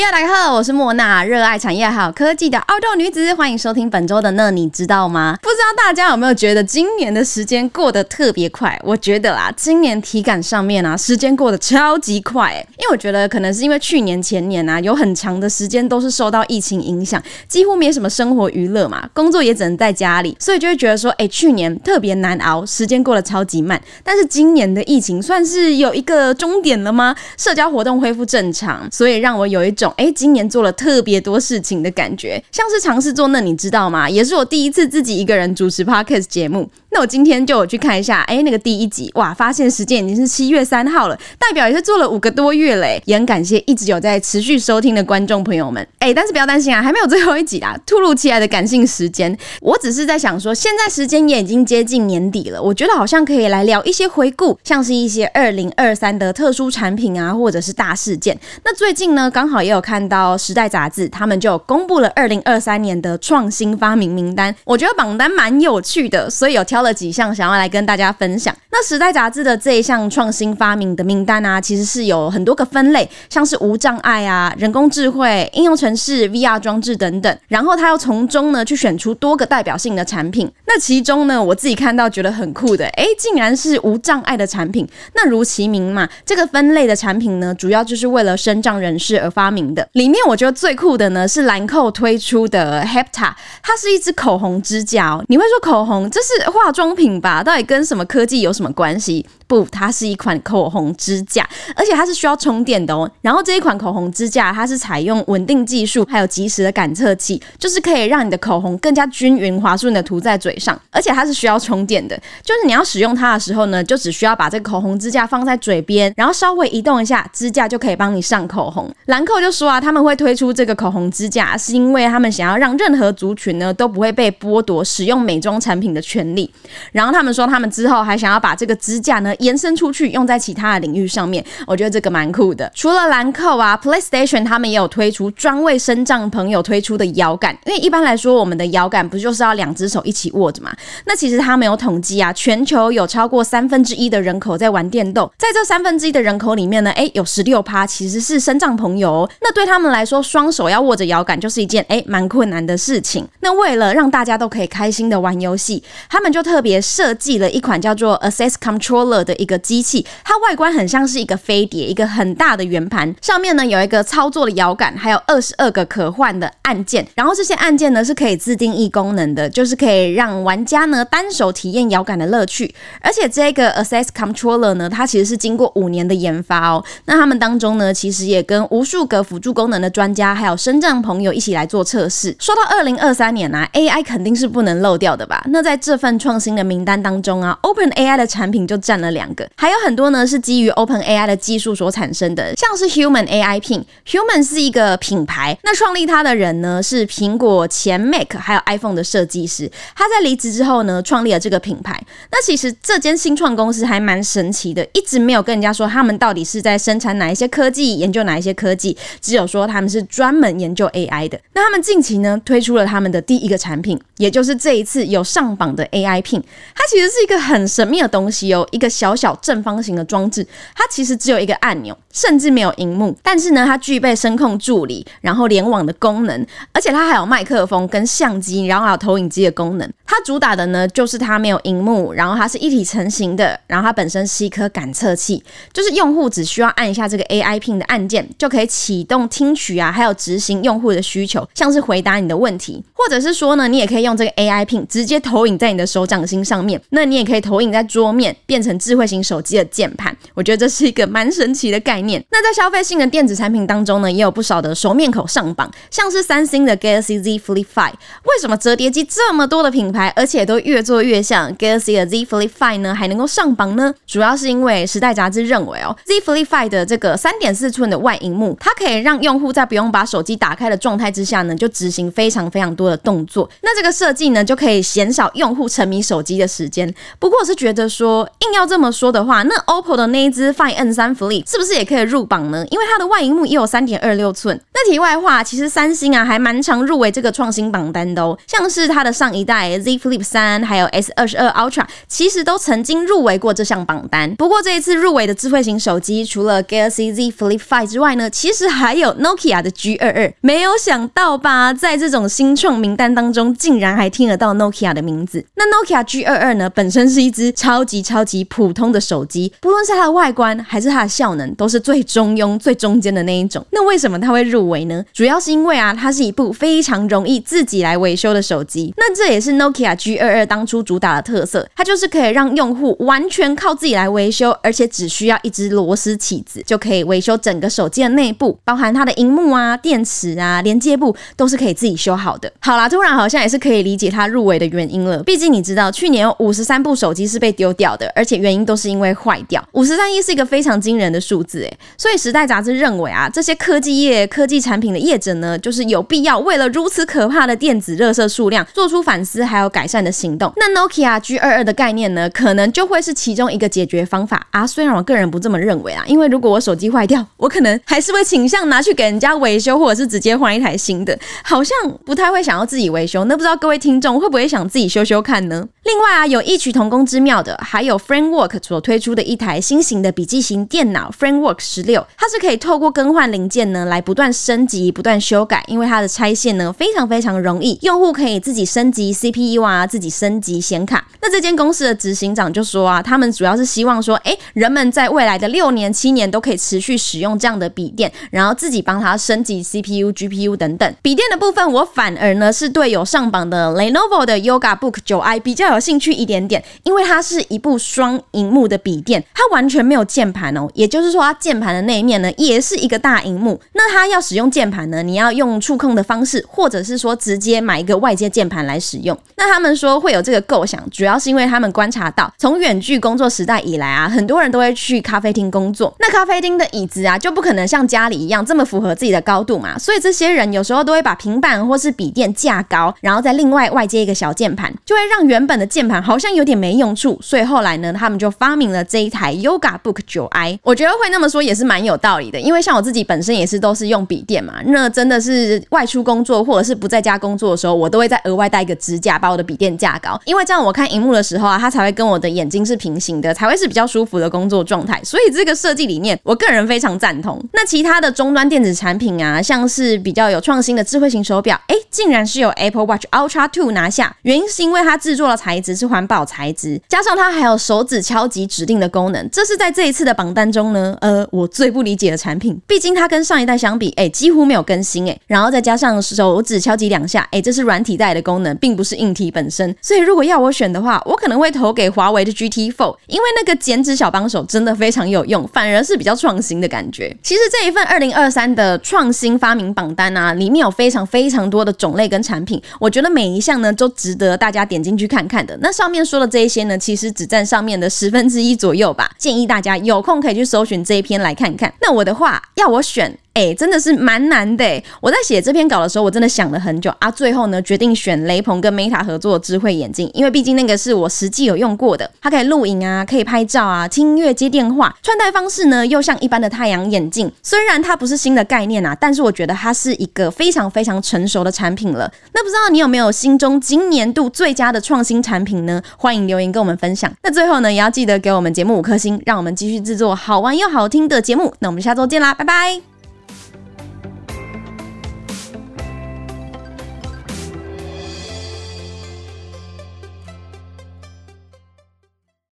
Yeah, 大家好，我是莫娜，熱愛產業好科技的澳洲女子，歡迎收聽本周的那你知道嗎？不知道大家有沒有覺得今年的時間過得特別快？我覺得啊，今年體感上面啊，時間過得超級快，欸，因為我覺得可能是因為去年前年啊，有很長的時間都是受到疫情影響，幾乎沒什麼生活娛樂嘛，工作也只能在家裡，所以就會覺得說，哎，欸，去年特別難熬，時間過得超級慢。但是今年的疫情算是有一個終點了嗎？社交活動恢復正常，所以讓我有一種，欸，今年做了特別多事情的感覺，像是嘗試做那你知道嗎？也是我第一次自己一個人主持 podcast 節目。那我今天就有去看一下，哎、欸，那個第一集哇，發現時間已經是七月三號了，代表也是做了五個多月嘞、欸，也很感謝一直有在持續收聽的觀眾朋友們，哎、欸，但是不要擔心啊，還沒有最後一集啊！突如其來的感性時間，我只是在想說，現在時間也已經接近年底了，我覺得好像可以來聊一些回顧，像是一些二零二三的特殊產品啊，或者是大事件。那最近呢，剛好也有看到《時代》雜誌，他們就公布了二零二三年的創新發明名單，我覺得榜單蠻有趣的，所以有挑。了幾項想要來跟大家分享。那《時代》雜誌的這一項創新發明的名單啊，其實是有很多個分類，像是無障礙啊、人工智慧、應用程式、VR 裝置等等。然後他又從中呢去選出多個代表性的產品。那其中呢，我自己看到覺得很酷的，誒、欸，竟然是無障礙的產品。那如其名嘛，這個分類的產品呢，主要就是為了身障人士而發明的。裡面我覺得最酷的呢，是蘭蔻推出的 Hapta 它是一支口紅支架、喔。你會說口紅，這是畫。化妝品吧，到底跟什麼科技有什麼關係？不，它是一款口紅支架，而且它是需要充電的哦。然後這一款口紅支架，它是採用穩定技術，還有即時的感測器，就是可以讓你的口紅更加均勻、滑順的塗在嘴上。而且它是需要充電的，就是你要使用它的時候呢，就只需要把這個口紅支架放在嘴邊，然後稍微移動一下，支架就可以幫你上口紅。蘭蔻就說啊，他們會推出這個口紅支架，是因為他們想要讓任何族群呢都不會被剝奪使用美妝產品的權利。然後他們說，他們之後還想要把這個支架呢，延伸出去，用在其他的領域上面。我覺得這個蠻酷的。除了蘭蔻啊，PlayStation 他們也有推出專為身障朋友推出的搖桿。因為一般來說，我們的搖桿不就是要兩只手一起握着嗎？那其實他們有統計啊，全球有超過三分之一的人口在玩電動，在這三分之一的人口裡面呢，誒，有十六趴其實是身障朋友哦。那對他們來說，雙手要握着搖桿就是一件誒蠻困難的事情。那為了讓大家都可以開心的玩遊戲，他們就。特別設計了一款叫做 a s s e s s Controller 的一個機器，它外觀很像是一個飛碟，一個很大的圓盤，上面呢有一個操作的搖桿，還有二十二個可換的按鍵，然後這些按鍵呢是可以自定義功能的，就是可以讓玩家呢單手體驗搖桿的樂趣。而且這個 a s s e s s Controller 呢，它其實是經過五年的研發哦。那他們當中呢，其實也跟無數個輔助功能的專家還有聲障朋友一起來做測試。說到二零二三年啊，AI 肯定是不能漏掉的吧？那在這份創新的名單當中啊，OpenAI 的產品就佔了兩個，還有很多呢是基於 OpenAI 的技術所產生的，像是 Human AI Pin。Human 是一個品牌，那創立它的人呢是蘋果前 Mac 還有 iPhone 的設計師，他在離職之後呢創立了這個品牌。那其實這間新創公司還蠻神奇的，一直沒有跟人家說他們到底是在生產哪一些科技，研究哪一些科技，只有說他們是專門研究 AI 的。那他們近期呢推出了他們的第一個產品，也就是這一次有上榜的 AI Pin。它其實是一個很神秘的東西哦，一個小小正方形的裝置，它其實只有一個按鈕，甚至沒有螢幕，但是呢，它具備聲控助理，然後聯網的功能，而且它還有麥克風跟相機，然後還有投影機的功能。它主打的呢，就是它沒有熒幕，然後它是一體成型的，然後它本身是一顆感測器，就是用戶只需要按一下這個 AI Pin 的按鍵，就可以啟動聽取啊，還有執行用戶的需求，像是回答你的問題，或者是說呢，你也可以用這個 AI Pin 直接投影在你的手掌心上面，那你也可以投影在桌面，變成智慧型手機的鍵盤。我覺得這是一個蠻神奇的概念。那在消費性的電子產品當中呢，也有不少的熟面孔上榜，像是三星的 Galaxy Z Flip 5。為什麼折疊機這麼多的品牌？還而且都越做越像 Galaxy 的 Z Flip 5呢，還能夠上榜呢？主要是因為時代雜誌認為哦，Z Flip 5的這個三點四寸的外熒幕，它可以讓用戶在不用把手機打開的狀態之下呢，就執行非常非常多的動作。那這個設計呢，就可以減少用戶沉迷手機的時間。不過我是覺得說，硬要這麼說的話，那 OPPO 的那一支 Find N3 Flip 是不是也可以入榜呢？因為它的外熒幕也有三點二六寸。那題外話，其實三星啊還蠻常入圍這個創新榜單的哦，像是它的上一代 Z。Flip 三還有 S 二十二 Ultra 其實都曾經入圍過這項榜單。不過這一次入圍的智慧型手機除了 Galaxy Z Flip 5之外呢，其實還有 Nokia 的 G 二二。沒有想到吧？在這種新創名單當中，竟然還聽得到 Nokia 的名字。那 Nokia G 二二呢，本身是一支超級超級普通的手機，不論是它的外觀還是它的效能，都是最中庸、最中間的那一種。那為什麼它會入圍呢？主要是因為啊，它是一部非常容易自己來維修的手機。那這也是 Nokia。G22 當初主打的特色，它就是可以讓用戶完全靠自己來維修，而且只需要一支螺絲起子就可以維修整個手機的內部，包含它的熒幕啊、電池啊、連接部都是可以自己修好的。好啦，突然好像也是可以理解它入圍的原因了。畢竟你知道，去年有五十三部手機是被丟掉的，而且原因都是因為壞掉。五十三億是一個非常驚人的數字。欸，誒，所以《時代》雜誌認為啊，這些科技業科技產品的業者呢，就是有必要為了如此可怕的電子垃圾數量做出反思，還有。改善的行動，那 Nokia G 二二的概念呢，可能就會是其中一個解決方法啊。雖然我個人不這麼認為啊，因為如果我手機壞掉，我可能還是會傾向拿去給人家維修，或者是直接換一台新的，好像不太會想要自己維修。那不知道各位聽眾會不會想自己修修看呢？另外啊，有異曲同工之妙的，還有 Framework 所推出的一台新型的筆記型電腦 Framework 十六，16, 它是可以透過更換零件呢，來不斷升級、不斷修改，因為它的拆卸呢非常非常容易，用戶可以自己升級 CPU 啊，自己升級顯卡。那這間公司的執行長就說啊，他們主要是希望說，哎、欸，人們在未來的六年、七年都可以持續使用這樣的筆電，然後自己幫他升級 CPU、GPU 等等。筆電的部分，我反而呢是對有上榜的 Lenovo 的 Yoga Book 9i 比較。比較有興趣一點點，因為它是一部雙熒幕的筆電，它完全沒有鍵盤哦。也就是說，它鍵盤的那一面呢，也是一個大熒幕。那它要使用鍵盤呢，你要用觸控的方式，或者是說直接買一個外接鍵盤來使用。那他們說會有這個構想，主要是因為他們觀察到，從遠距工作時代以來啊，很多人都會去咖啡廳工作。那咖啡廳的椅子啊，就不可能像家裡一樣這麼符合自己的高度嘛。所以這些人有時候都會把平板或是筆電架高，然後再另外外接一個小鍵盤，就會讓原本的的鍵盤好像有點沒用處，所以後來呢，他們就發明了這一台 Yoga Book 九 i。我覺得會那麼說也是蠻有道理的，因為像我自己本身也是都是用筆電嘛，那真的是外出工作或者是不在家工作的時候，我都會再額外帶一個支架把我的筆電架高，因為這樣我看熒幕的時候啊，它才會跟我的眼睛是平行的，才會是比較舒服的工作狀態。所以這個設計理念，我個人非常贊同。那其他的終端電子產品啊，像是比較有創新的智慧型手表，誒、欸，竟然是由 Apple Watch Ultra Two 拿下，原因是因為它制作了產品材質是環保材質，加上它還有手指敲擊指定的功能，這是在這一次的榜單中呢，呃，我最不理解的產品。畢竟它跟上一代相比，哎、欸，幾乎沒有更新哎、欸。然後再加上手指敲擊兩下，哎、欸，這是軟體帶的功能，並不是硬體本身。所以如果要我選的話，我可能會投給華為的 GT Four，因為那個減脂小幫手真的非常有用，反而是比較創新的感覺。其實這一份二零二三的創新發明榜單啊，裡面有非常非常多的種類跟產品，我覺得每一項呢都值得大家點進去看看。那上面說的這一些呢，其實只占上面的十分之一左右吧。建議大家有空可以去搜尋這一篇來看看。那我的話，要我選。哎、欸，真的是蠻難的、欸。我在寫這篇稿的時候，我真的想了很久啊。最後呢，決定選雷朋跟 Meta 合作智慧眼鏡，因為畢竟那個是我實際有用過的，它可以錄影啊，可以拍照啊，聽音樂、接電話，穿戴方式呢又像一般的太陽眼鏡。雖然它不是新的概念啊，但是我覺得它是一個非常非常成熟的產品了。那不知道你有沒有心中今年度最佳的創新產品呢？歡迎留言跟我們分享。那最後呢，也要記得給我們節目五顆星，讓我們繼續製作好玩又好聽的節目。那我們下週見啦，拜拜。